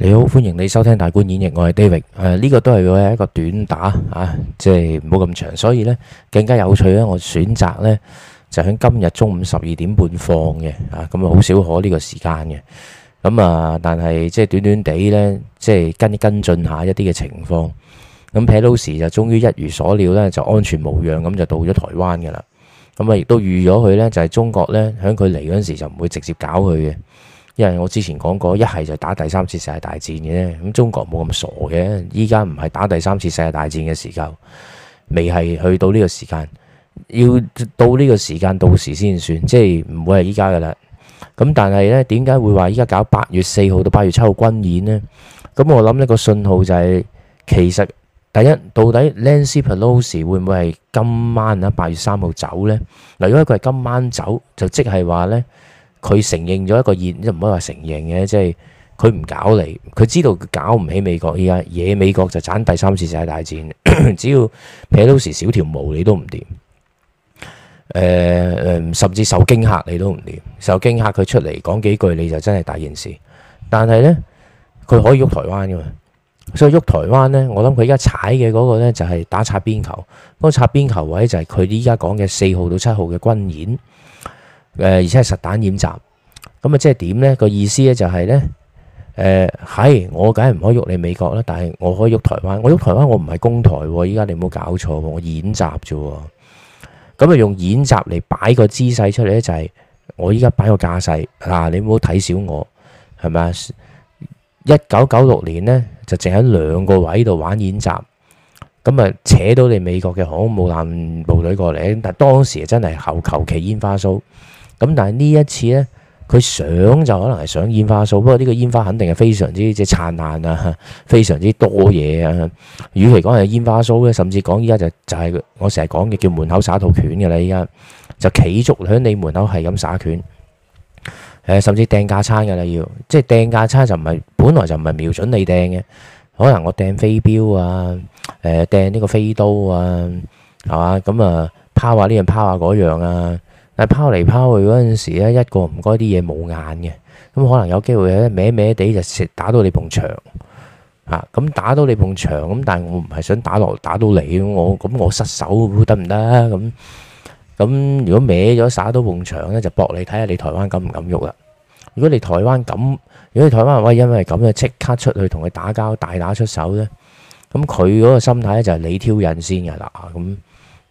你好，歡迎你收聽大觀演繹，我係 David，誒呢、啊這個都係一個短打啊，即係唔好咁長，所以呢，更加有趣呢，我選擇呢，就喺今日中午十二點半放嘅啊。咁啊好少可呢個時間嘅，咁啊但係即係短短地呢，即係跟跟進一下一啲嘅情況，咁、啊、Pelosi 就終於一如所料呢，就安全無恙咁就到咗台灣噶啦，咁啊亦都預咗佢呢，就係中國呢，響佢嚟嗰陣時就唔會直接搞佢嘅。因為我之前講過，一係就打第三次世界大戰嘅，咁中國冇咁傻嘅，依家唔係打第三次世界大戰嘅時候，未係去到呢個時間，要到呢個時間到時先算，即係唔會係依家噶啦。咁但係呢，點解會話依家搞八月四號到八月七號軍演呢？咁我諗呢、呢個信號就係、是，其實第一到底 Nancy Pelosi 會唔會係今晚啦？八月三號走呢？嗱、呃，如果佢係今晚走，就即係話呢。佢承認咗一個嘢，即唔可以話承認嘅，即係佢唔搞你。佢知道搞唔起美國依家，惹美國就揀第三次世界大戰。 只要撇到時少條毛，你都唔掂、呃。甚至受驚嚇你都唔掂，受驚嚇佢出嚟講幾句，你就真係大件事。但係呢，佢可以喐台灣噶嘛？所以喐台灣呢，我諗佢而家踩嘅嗰個咧就係打擦邊球。嗰擦邊球位就係佢依家講嘅四號到七號嘅軍演。誒，而且係實彈演習，咁啊，即係點呢？個意思咧就係呢：呃「誒係我梗係唔可以喐你美國啦，但係我可以喐台灣。我喐台灣，我唔係攻台喎。依家你唔好搞錯喎，我演習啫。咁啊，用演習嚟擺個姿勢出嚟咧，就係我依家擺個架勢嗱，你唔好睇小我係咪？一九九六年呢，就淨喺兩個位度玩演習，咁啊，扯到你美國嘅航空母艦部隊過嚟，但當時真係求求其煙花 show。咁但係呢一次呢，佢想就可能係想煙花 show，不過呢個煙花肯定係非常之即係燦爛啊，非常之多嘢啊。與其講係煙花 show，甚至講依家就就係我成日講嘅叫門口耍套拳嘅啦。依家就企足喺你門口係咁耍拳，甚至掟架餐嘅啦，要即係掟架餐就唔係本來就唔係瞄準你掟嘅，可能我掟飛鏢啊，誒掟呢個飛刀啊，係嘛，咁啊拋下呢樣拋下嗰樣啊。但係拋嚟拋去嗰陣時咧，一個唔該啲嘢冇眼嘅，咁可能有機會咧，歪歪地就蝕打到你埲牆吓，咁、啊、打到你埲牆咁，但係我唔係想打落打到你，我咁我失手得唔得啊？咁咁如果歪咗打到埲牆咧，就搏你睇下你台灣敢唔敢喐啦？如果你台灣敢，如果你台灣喂，因為咁啊，即刻出去同佢打交大打出手咧，咁佢嗰個心態咧就係你挑釁先噶啦，咁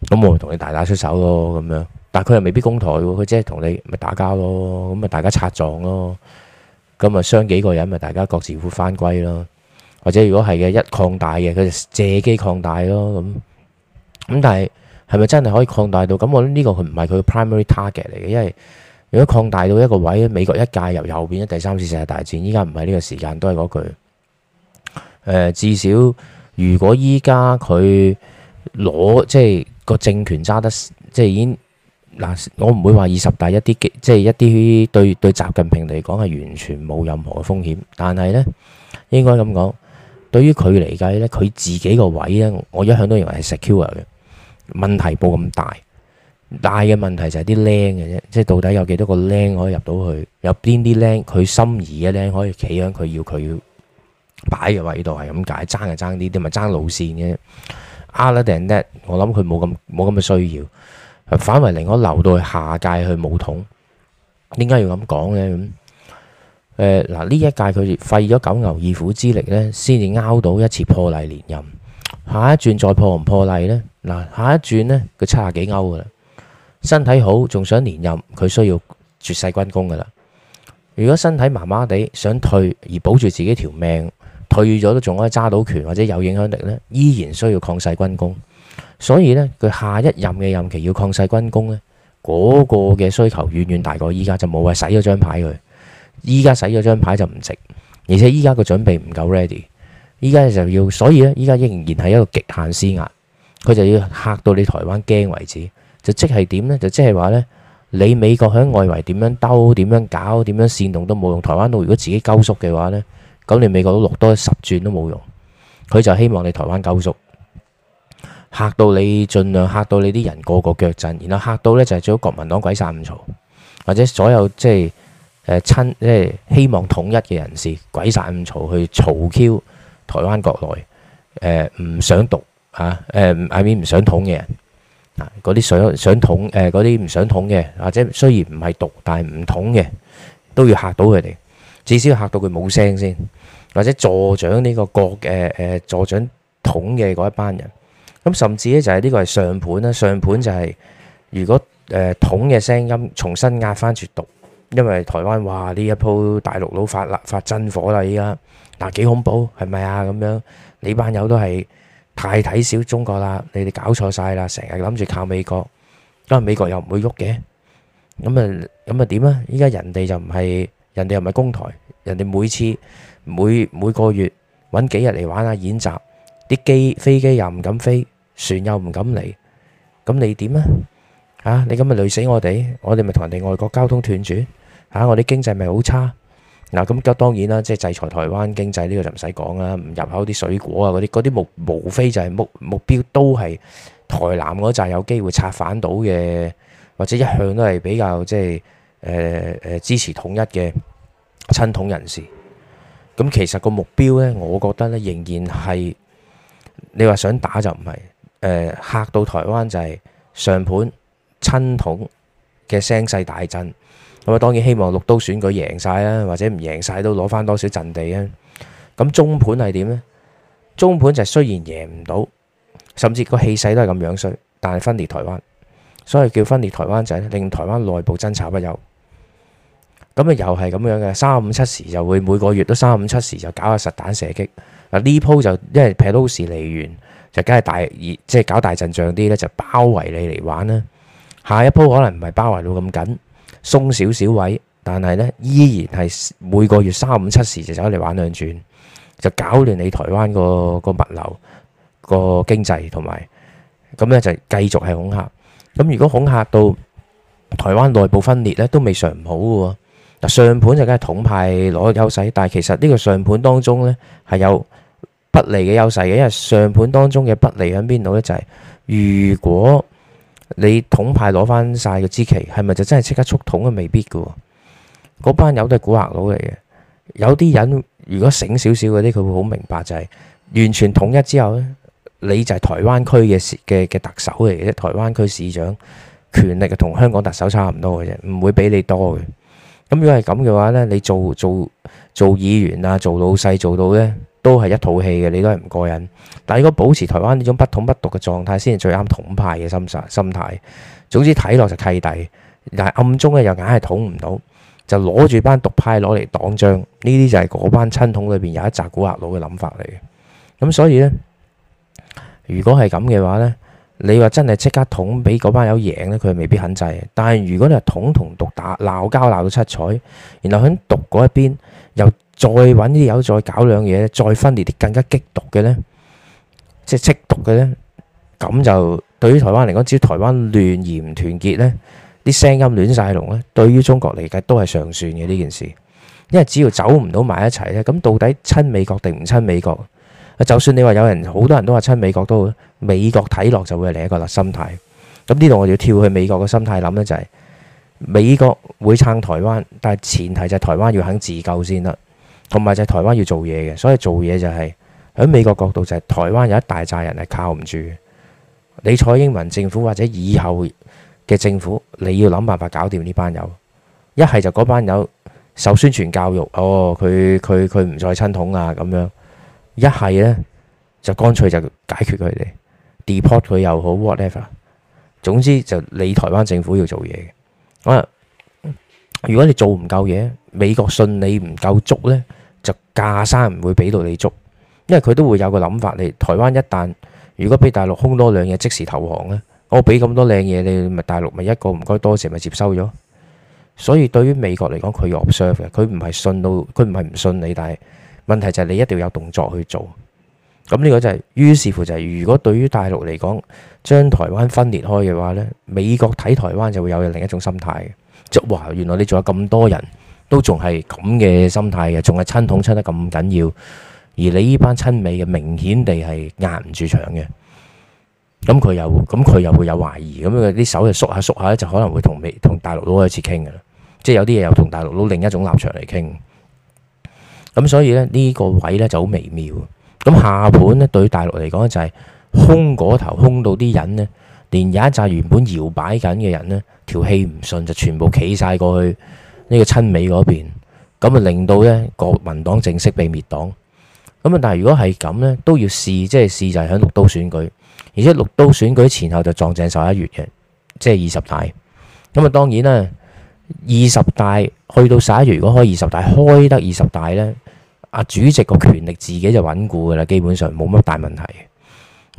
咁我同你大打出手咯，咁樣。但佢又未必攻台喎，佢即係同你咪打交咯，咁咪大家擦撞咯，咁咪傷幾個人咪？大家各自會翻歸咯。或者如果係嘅一擴大嘅，佢就借機擴大咯。咁咁但係係咪真係可以擴大到？咁我諗呢個佢唔係佢嘅 primary target 嚟嘅，因為如果擴大到一個位，美國一介入，又變咗第三次世界大戰。依家唔係呢個時間，都係嗰句誒。至少如果依家佢攞即係個政權揸得，即係已經。嗱，我唔會話二十大一啲即係一啲對對習近平嚟講係完全冇任何風險，但係呢，應該咁講，對於佢嚟計呢，佢自己個位呢，我一向都認為係 secure 嘅，問題冇咁大。大嘅問題就係啲靚嘅啫，即係到底有幾多個靚可以入到去，有邊啲靚佢心儀嘅靚可以企喺佢要佢擺嘅位度係咁解，爭就爭啲，同埋爭路線嘅。Other than that，我諗佢冇咁冇咁嘅需要。反為令我留到去下屆去武統，點解要咁講呢？咁、呃、嗱，呢一屆佢費咗九牛二虎之力呢，先至拗到一次破例連任。下一轉再破唔破例呢？嗱，下一轉呢，佢七十幾勾噶啦，身體好，仲想連任，佢需要絕世軍功噶啦。如果身體麻麻地想退而保住自己條命，退咗都仲可以揸到權或者有影響力呢，依然需要抗世軍功。所以呢，佢下一任嘅任期要抗世軍工呢，嗰個嘅需求遠遠大過依家，就冇話使咗張牌佢。依家使咗張牌就唔值，而且依家個準備唔夠 ready。依家就要，所以呢，依家仍然係一個極限施壓，佢就要嚇到你台灣驚為止。就即係點呢？就即係話呢，你美國喺外圍點樣兜、點樣搞、點樣煽動都冇用。台灣到如果自己鳩縮嘅話呢，咁你美國都落多十轉都冇用。佢就希望你台灣鳩縮。嚇到你，儘量嚇到你啲人個個腳震，然後嚇到咧就係最好國民黨鬼殺咁嘈，或者所有即係誒親即係希望統一嘅人士鬼殺咁嘈去嘈 Q 台灣國內誒唔想獨啊誒，喺邊唔想統嘅人啊嗰啲想想統誒嗰啲唔想統嘅，或者雖然唔係獨但係唔統嘅都要嚇到佢哋，至少要嚇到佢冇聲先，或者助長呢個國誒誒助長統嘅嗰一班人。咁甚至咧就係呢個係上盤啦，上盤就係如果誒統嘅聲音重新壓翻住讀，因為台灣哇呢一鋪大陸佬發發真火啦依家，嗱幾恐怖係咪啊咁樣？你班友都係太睇小中國啦，你哋搞錯晒啦，成日諗住靠美國，但係美國又唔會喐嘅，咁啊咁啊點啊？依家人哋就唔係人哋又唔係攻台，人哋每次每每個月揾幾日嚟玩下演習，啲機飛機又唔敢飛。船又唔敢嚟，咁你點啊？啊，你咁咪累死我哋，我哋咪同人哋外國交通斷絕，啊，我哋經濟咪好差嗱。咁咁當然啦，即係制裁台灣經濟呢個就唔使講啦，唔入口啲水果啊嗰啲，嗰啲無無非就係目目標都係台南嗰扎有機會策反到嘅，或者一向都係比較即係誒誒支持統一嘅親統人士。咁其實個目標咧，我覺得咧仍然係你話想打就唔係。誒，嚇到台灣就係上盤親統嘅聲勢大震，咁啊當然希望綠刀選舉贏晒啦，或者唔贏晒都攞翻多少陣地啊。咁中盤係點呢？中盤就雖然贏唔到，甚至個氣勢都係咁樣衰，但係分裂台灣，所以叫分裂台灣就係令台灣內部爭吵不休。咁啊又係咁樣嘅三五七時，就會每個月都三五七時就搞下實彈射擊。嗱呢鋪就因為 Pelosi 嚟完。就梗係大，即係搞大陣仗啲咧，就包圍你嚟玩啦。下一波可能唔係包圍到咁緊，鬆少少位，但係咧依然係每個月三五七時就走嚟玩兩轉，就搞亂你台灣個個物流、個經濟同埋。咁咧就繼續係恐嚇。咁如果恐嚇到台灣內部分裂咧，都未嘗唔好嘅喎。嗱，上盤就梗係統派攞優勢，但係其實呢個上盤當中咧係有，不利嘅優勢嘅，因為上盤當中嘅不利喺邊度呢？就係如果你統派攞翻晒個支旗，係咪就真係即刻速統啊？未必㗎喎，嗰班友都係蠱惑佬嚟嘅，有啲人如果醒少少嗰啲，佢會好明白就係完全統一之後呢，你就係台灣區嘅嘅嘅特首嚟嘅啫，台灣區市長權力啊，同香港特首差唔多嘅啫，唔會畀你多嘅。咁如果係咁嘅話呢，你做做做議員啊，做老細做到呢。都係一套戲嘅，你都係唔過癮。但係如果保持台灣呢種不統不獨嘅狀態，先係最啱統派嘅心實心態。總之睇落就契弟，但係暗中咧又硬係統唔到，就攞住班獨派攞嚟擋仗。呢啲就係嗰班親統裏邊有一紮古惑佬嘅諗法嚟嘅。咁所以呢，如果係咁嘅話呢，你話真係即刻統俾嗰班友贏呢，佢未必肯制。但係如果你係統同獨打鬧交鬧到七彩，然後響獨嗰一邊又再揾啲友再搞兩嘢，再分裂啲更加激毒嘅咧，即係激毒嘅咧，咁就對於台灣嚟講，只要台灣亂而唔團結咧，啲聲音亂曬龍咧，對於中國嚟計都係上算嘅呢件事。因為只要走唔到埋一齊咧，咁到底親美國定唔親美國？啊，就算你話有人好多人都話親美國都好，美國睇落就會係另一個立心態。咁呢度我要跳去美國個心態諗咧，就係美國會撐台灣，但係前提就係台灣要肯自救先得。同埋就係台灣要做嘢嘅，所以做嘢就係，喺美國角度就係，台灣有一大扎人係靠唔住，你蔡英文政府或者以後嘅政府，你要諗辦法搞掂呢班友。一係就嗰班友受宣傳教育，哦佢佢佢唔再親統啊咁樣。一係呢，就乾脆就解決佢哋，deport 佢又好 whatever，總之就你台灣政府要做嘢。啊，如果你做唔夠嘢，美國信你唔夠足呢。就架生唔會俾到你捉，因為佢都會有個諗法，你台灣一旦如果俾大陸空多兩嘢，即時投降咧，我俾咁多靚嘢你，咪大陸咪一個唔該多謝，咪接收咗。所以對於美國嚟講，佢 observe 嘅，佢唔係信到，佢唔係唔信你，但係問題就係你一定要有動作去做。咁呢個就係、是、於是乎就係、是，如果對於大陸嚟講將台灣分裂開嘅話呢，美國睇台灣就會有另一種心態，即係哇，原來你仲有咁多人。都仲係咁嘅心態嘅，仲係親統親得咁緊要，而你呢班親美嘅明顯地係壓唔住場嘅。咁佢又咁佢又會有懷疑，咁佢啲手就縮下縮下咧，就可能會同美同大陸佬開始傾㗎啦。即係有啲嘢又同大陸佬另一種立場嚟傾。咁所以咧呢，呢個位咧就好微妙。咁下盤咧對大陸嚟講就係空嗰頭，空頭空到啲人呢，連有一扎原本搖擺緊嘅人呢，條氣唔順就全部企晒過去。呢個親美嗰邊，咁啊令到咧國民黨正式被滅黨。咁啊，但係如果係咁呢，都要試，即係試就係喺六都選舉，而且六都選舉前後就撞正十一月嘅，即係二十大。咁啊，當然啦，二十大去到十一月，如果開二十大開得二十大呢，阿主席個權力自己就穩固噶啦，基本上冇乜大問題。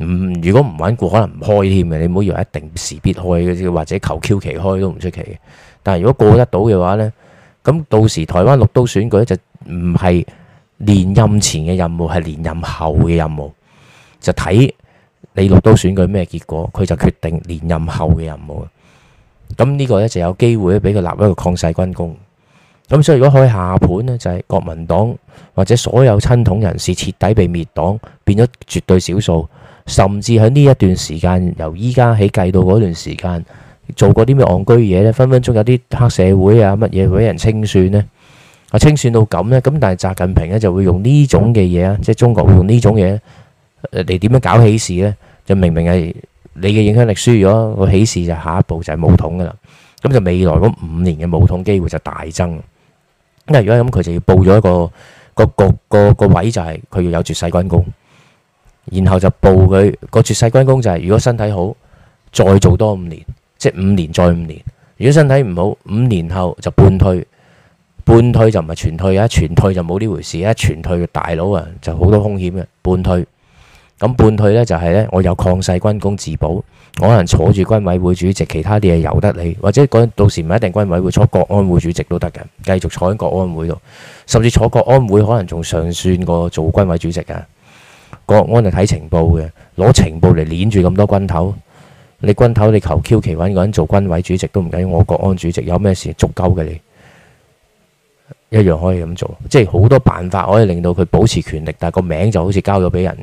唔，如果唔穩固，可能唔開添嘅。你唔好以為一定時必開嘅，或者求其期開都唔出奇嘅。但係如果過得到嘅話呢。咁到時台灣六都選舉就唔係連任前嘅任務，係連任後嘅任務，就睇你六都選舉咩結果，佢就決定連任後嘅任務。咁呢個呢，就有機會俾佢立一個抗世軍功。咁所以如果可以下盤呢，就係國民黨或者所有親統人士徹底被滅黨，變咗絕對少數，甚至喺呢一段時間，由依家起計到嗰段時間。做過啲咩戇居嘢咧？分分鐘有啲黑社會啊，乜嘢俾人清算咧？啊，清算到咁咧，咁但係習近平咧就會用呢種嘅嘢啊，即係中國會用呢種嘢嚟點樣搞起事咧？就明明係你嘅影響力輸咗，個起事就下一步就係武統噶啦。咁就未來嗰五年嘅武統機會就大增。因為如果咁，佢就要佈咗一個個局，個個位就係佢要有絕世軍功，然後就佈佢個絕世軍功就係如果身體好再做多五年。即五年再五年，如果身體唔好，五年後就半退，半退就唔係全退啊！全退就冇呢回事。一全退嘅大佬啊，就好多風險嘅。半退咁半退呢，就係呢：我有抗世軍功自保，我可能坐住軍委會主席，其他啲嘢由得你，或者到時唔一定軍委會坐國安會主席都得嘅，繼續坐喺國安會度，甚至坐國安會可能仲上算過做軍委主席啊！國安就睇情報嘅，攞情報嚟鏈住咁多軍頭。你軍頭，你求其揾個人做軍委主席都唔緊要，我國安主席有咩事足夠嘅，你一樣可以咁做。即係好多辦法可以令到佢保持權力，但係個名就好似交咗俾人。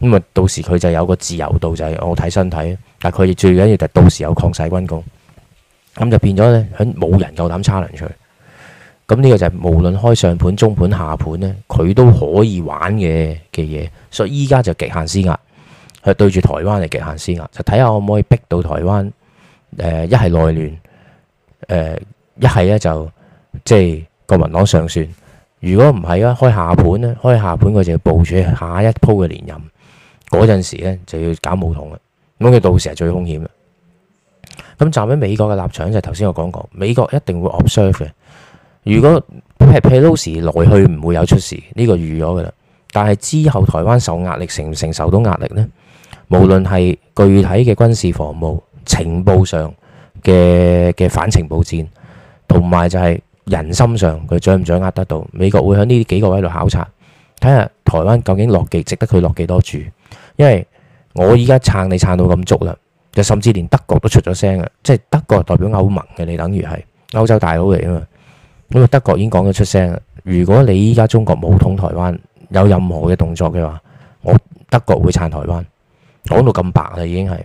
咁啊，到時佢就有個自由度就係、是、我睇身體，但係佢最緊要就係到時有擴勢軍工，咁就變咗呢，喺冇人夠膽 challenge 佢出去。咁呢個就係無論開上盤、中盤、下盤呢，佢都可以玩嘅嘅嘢。所以依家就極限施壓，去對住台灣嚟極限施壓，就睇下可唔可以逼到台灣，誒一係內亂，誒一係咧就即係國民黨上算。如果唔係啊，開下盤咧，開下盤佢就要部署下一鋪嘅連任嗰陣時咧就要搞武統啊。咁佢到時係最凶險啦。咁站喺美國嘅立場就頭先我講過，美國一定會 observe 嘅。如果 Pelosi 來去唔會有出事呢個預咗㗎啦。但係之後台灣受壓力承唔承受到壓力呢？無論係具體嘅軍事防務、情報上嘅嘅反情報戰，同埋就係人心上，佢掌唔掌握得到美國會喺呢幾個位度考察，睇下台灣究竟落幾值得佢落幾多注。因為我依家撐你撐到咁足啦，就甚至連德國都出咗聲嘅，即係德國代表歐盟嘅，你等於係歐洲大佬嚟啊嘛。因為德國已經講咗出聲啦，如果你依家中國冇統台灣有任何嘅動作嘅話，我德國會撐台灣。講到咁白啦，已經係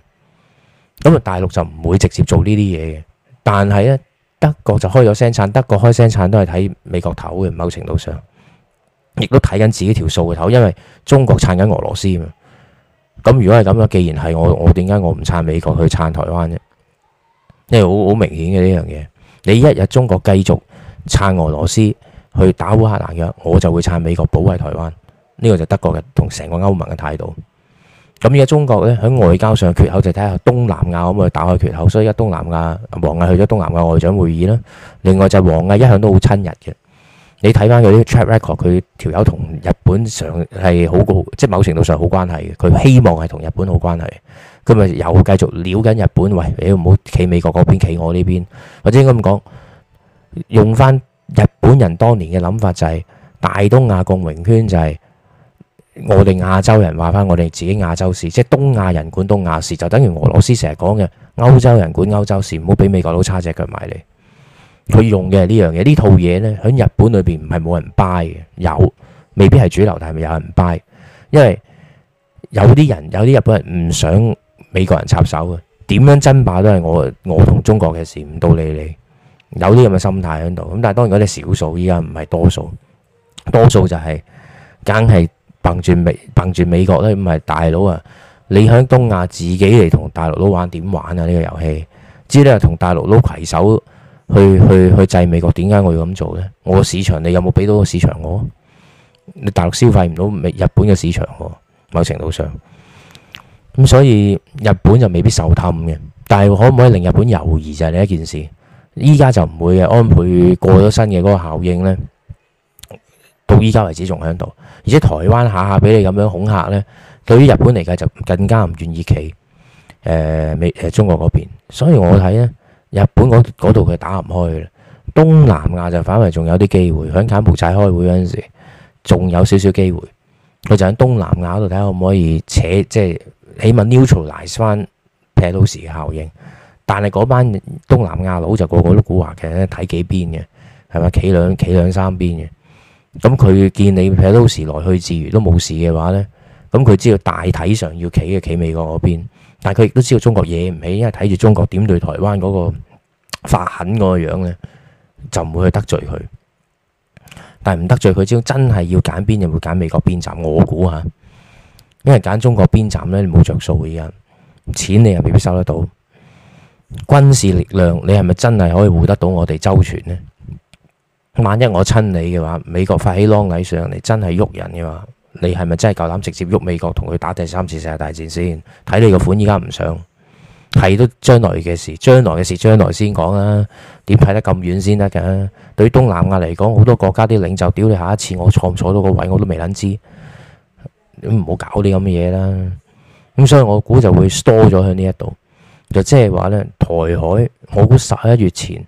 咁啊！大陸就唔會直接做呢啲嘢嘅，但係呢，德國就開咗聲撐，德國開聲撐都係睇美國頭嘅，某程度上亦都睇緊自己條數嘅頭，因為中國撐緊俄羅斯嘛。咁如果係咁樣，既然係我我點解我唔撐美國去撐台灣啫？因為好好明顯嘅呢樣嘢，你一日中國繼續撐俄羅斯去打烏克蘭嘅，我就會撐美國保衞台灣。呢個就德國嘅同成個歐盟嘅態度。咁而家中國咧，喺外交上缺口，就睇下東南亞可唔可以打開缺口，所以而家東南亞王毅去咗東南亞外長會議啦。另外就係王毅一向都好親日嘅，你睇翻佢啲 chat record，佢條友同日本上係好高，即係某程度上好關係嘅。佢希望係同日本好關係，佢咪又繼續撩緊日本喂，你唔好企美國嗰邊，企我呢邊，或者應該咁講，用翻日本人當年嘅諗法就係大東亞共榮圈就係。我哋亞洲人話翻，我哋自己亞洲事，即係東亞人管東亞事，就等於俄羅斯成日講嘅歐洲人管歐洲事，唔好俾美國佬叉隻腳埋嚟。佢用嘅呢樣嘢，呢套嘢呢，喺日本裏邊唔係冇人 buy 嘅，有未必係主流，但係咪有人 buy？因為有啲人有啲日本人唔想美國人插手嘅，點樣爭霸都係我我同中國嘅事，唔到理你。有啲咁嘅心態喺度咁，但係當然嗰啲少數，依家唔係多數，多數就係梗係。憑住美憑住美國咧，唔係大佬啊！你喺東亞自己嚟同大陸佬玩點玩啊？呢個遊戲知你又同大陸佬攜手去去去制美國，點解我要咁做呢？我個市場你有冇俾到個市場我？你大陸消費唔到美日本嘅市場喎，某程度上咁，所以日本就未必受氹嘅。但係可唔可以令日本猶豫？就係另一件事。依家就唔會嘅，安倍過咗身嘅嗰個效應呢。到依家為止仲喺度，而且台灣下下俾你咁樣恐嚇呢，對於日本嚟計就更加唔願意企誒美誒中國嗰邊，所以我睇呢，日本嗰度佢打唔開嘅。東南亞就反為仲有啲機會，響柬埔寨開會嗰陣時仲有少少機會，佢就喺東南亞度睇下可唔可以扯，即係起碼 neutralize 翻劈 e t 嘅效應，但係嗰班東南亞佬就個個碌古華嘅睇幾邊嘅係咪？企兩企兩三邊嘅。咁佢見你喺度時來去自如都冇事嘅話呢，咁佢知道大體上要企嘅企美國嗰邊，但係佢亦都知道中國惹唔起，因為睇住中國點對台灣嗰個發狠嗰個樣呢，就唔會去得罪佢。但係唔得罪佢，只要真係要揀邊，就會揀美國邊站。我估吓，因為揀中國邊站呢，你冇着數嘅，而家錢你又未必收得到，軍事力量你係咪真係可以護得到我哋周全呢？萬一我親你嘅話，美國發起啷蟻上嚟，真係喐人嘅話，你係咪真係夠膽直接喐美國同佢打第三次世界大戰先？睇你個款依家唔上，係都將來嘅事，將來嘅事將來，將來先講啦。點睇得咁遠先得噶？對於東南亞嚟講，好多國家啲領袖屌你，下一次我坐唔坐到個位，我都未諗知。唔好搞啲咁嘅嘢啦。咁所以我估就會多咗喺呢一度，就即係話呢，台海我估十一月前。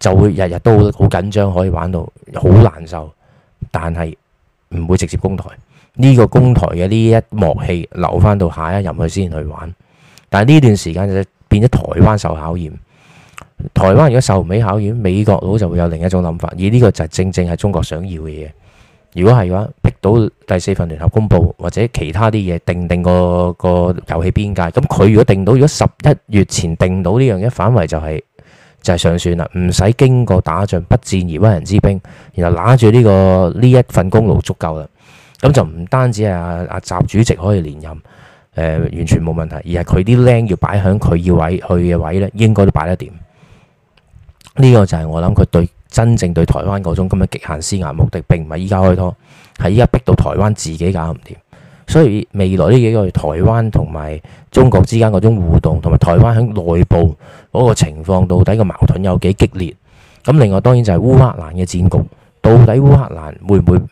就會日日都好緊張，可以玩到好難受，但係唔會直接攻台。呢、這個攻台嘅呢一幕戲留翻到下一任去先去玩。但係呢段時間就變咗台灣受考驗。台灣如果受唔起考驗，美國佬就會有另一種諗法。而呢個就是正正係中國想要嘅嘢。如果係嘅話，逼到第四份聯合公佈或者其他啲嘢定定個個遊戲邊界，咁佢如果定到，如果十一月前定到呢樣嘢，反為就係、是。就係上算啦，唔使經過打仗，不戰而屈人之兵，然後拿住呢、這個呢一份功勞足夠啦。咁就唔單止係阿阿習主席可以連任，誒、呃、完全冇問題，而係佢啲靚要擺喺佢要去位去嘅位呢，應該都擺得掂。呢、這個就係我諗佢對真正對台灣嗰種咁嘅極限施壓目的，並唔係依家開拖，係依家逼到台灣自己搞唔掂。所以未來呢幾個月台灣同埋中國之間嗰種互動，同埋台灣喺內部嗰個情況到底個矛盾有幾激烈？咁另外當然就係烏克蘭嘅戰局，到底烏克蘭會唔會誒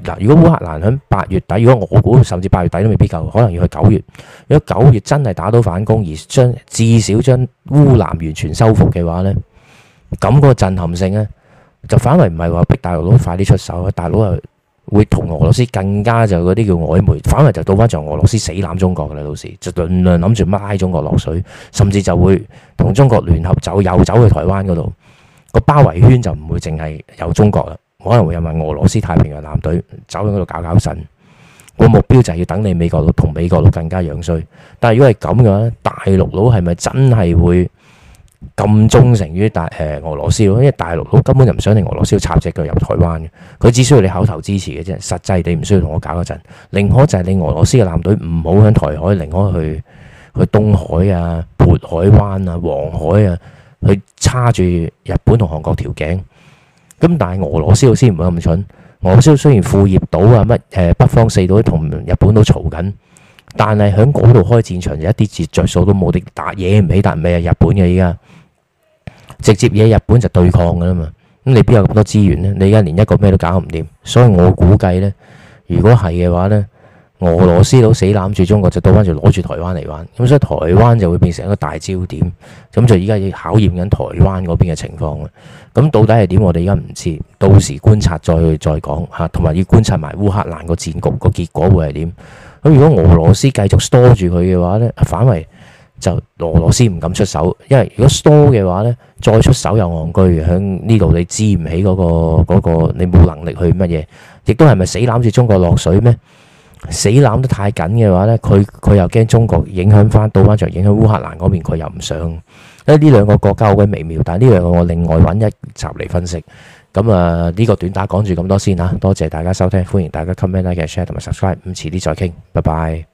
嗱、呃？如果烏克蘭喺八月底，如果我估甚至八月底都未必夠，可能要去九月。如果九月真係打到反攻而將至少將烏南完全收復嘅話呢，咁、嗰個震撼性呢，就反為唔係話逼大陸佬快啲出手啦，大陸佬又～會同俄羅斯更加就嗰啲叫曖昧，反而就到翻就俄羅斯死攬中國啦，到時就輪輪諗住拉中國落水，甚至就會同中國聯合走，又走去台灣嗰度個包圍圈就唔會淨係有中國啦，可能會有埋俄羅斯太平洋艦隊走去嗰度搞搞震。我目標就係要等你美國佬同美國佬更加樣衰，但係如果係咁嘅話，大陸佬係咪真係會？咁忠誠於大誒、呃、俄羅斯咯，因為大陸佬根本就唔想你俄羅斯插隻腳入台灣嘅，佢只需要你口頭支持嘅啫，實際你唔需要同我搞嗰陣。寧可就係你俄羅斯嘅艦隊唔好喺台海，寧可去去東海啊、渤海灣啊、黃海啊，去叉住日本同韓國條頸。咁但係俄羅斯佬先唔會咁蠢，俄羅斯雖然庫頁島啊乜誒、呃、北方四島同日本都嘈緊。但係喺嗰度開戰場就一啲字着數都冇的，打野唔起，打唔起啊？日本嘅而家直接野日本就對抗噶啦嘛。咁你邊有咁多資源呢？你而家連一個咩都搞唔掂，所以我估計呢，如果係嘅話呢，俄羅斯佬死攬住中國就到翻住攞住台灣嚟玩，咁所以台灣就會變成一個大焦點。咁就而家要考驗緊台灣嗰邊嘅情況啦。咁到底係點？我哋而家唔知，到時觀察再再講吓，同埋要觀察埋烏克蘭個戰局個結果會係點。咁如果俄羅斯繼續 store 住佢嘅話呢，反為就俄羅斯唔敢出手，因為如果 store 嘅話呢，再出手又戇居嘅，喺呢度你支唔起嗰個嗰個，你冇能力去乜嘢，亦都係咪死攬住中國落水咩？死攬得太緊嘅話呢，佢佢又驚中國影響翻倒翻場，影響烏克蘭嗰邊，佢又唔想。因為呢兩個國家好鬼微妙，但呢兩個我另外揾一集嚟分析。咁啊，呢個短打講住咁多先嚇，多謝大家收聽，歡迎大家 comment 啊，like、share 同埋 subscribe，咁遲啲再傾，拜拜。